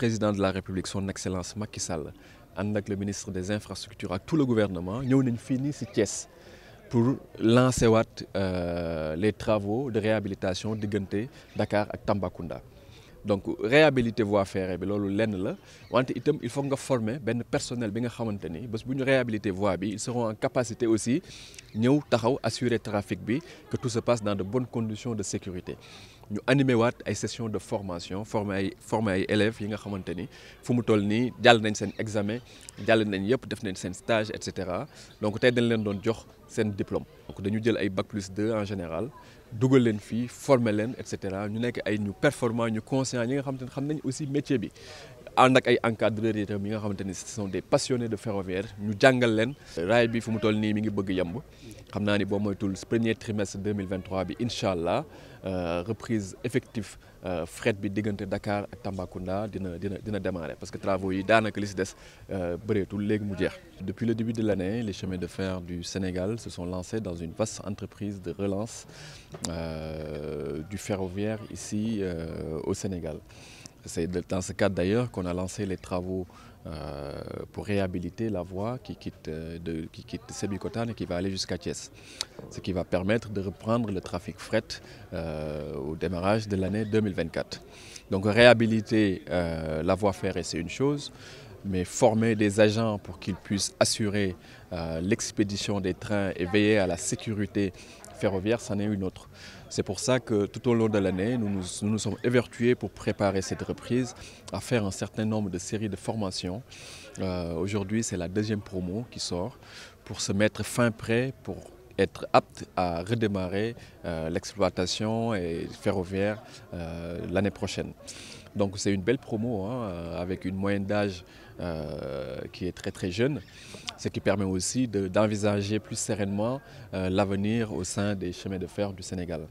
président de la république son excellence Macky Sall ànd ak le ministre des infrastructures ak tout le gouvernement ñëw nañ fii nii si Thiès pour lancer waat euh, les travaux de réhabilitation diggante Dakar ak Tambacounda donc réhabiliter voie ferrée bi loolu lenn la wante itam il faut nga forme benn personnel bi nga xamante ni bés bu ñu réhabiliter voie bi ils seront en capacité aussi ñëw taxaw assurer trafic bi que tout se passe dans de bonnes conditions de sécurité ñu animé waat ay session de formation formé ay formé ay élèves yi nga xamante ni fu mu toll nii jàll nañ seen examen jàll nañ yëpp def nañ seen stage et cetera donc tey dañ leen doon jox seen diplôme. donc dañu jël ay bac plus 2 en général dugal leen fii former leen et cetera ñu nekk ay ñu performant ñu conscient yi nga xamante ne xam nañ aussi métier bi. ànd ak ay encadreurs yi tam yi nga xamante ni ce sont des passionnés de ferroviaire ñu jàngal leen. raay bi fu mu toll nii mi ngi bëgg yemb xam naa ni boo moytul premier trimestre 2023 bi incha allah euh, reprise effective euh, fret bi diggante Dakar ak Tambacounda dina dina dina démarrer parce que travaux yi daanaka li si des euh, bëreetul léegi mu jeex. depuis le début de l' année les de fer du Sénégal se sont lancés dans une vaste entreprise de relance du ferroviaire ici euh, au Sénégal. C'est dans ce cadre d'ailleurs qu'on a lancé les travaux euh, pour réhabiliter la voie qui quitte, euh, de, qui quitte Sébicotane et qui va aller jusqu'à Thiès. Ce qui va permettre de reprendre le trafic fret euh, au démarrage de l'année 2024. Donc réhabiliter euh, la voie ferrée, c'est une chose, mais former des agents pour qu'ils puissent assurer euh, l'expédition des trains et à la sécurité ferroviaire, c'en est une autre. C'est pour ça que tout au long de l'année, nous, nous nous, sommes évertués pour préparer cette reprise à faire un certain nombre de séries de formations. Euh, Aujourd'hui, c'est la deuxième promo qui sort pour se mettre fin prêt pour être apte à redémarrer euh, l'exploitation ferroviaire euh, l'année prochaine. Donc c'est une belle promo hein, euh, avec une moyenne d'âge euh, qui est très très jeune, ce qui permet aussi d'envisager de, plus sereinement euh, l'avenir au sein des chemins de fer du Sénégal.